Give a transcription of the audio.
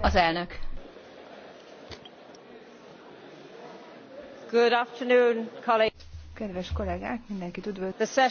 Az elnök. Good afternoon, colleagues. Kedves kollégák, mindenkit üdvözlök.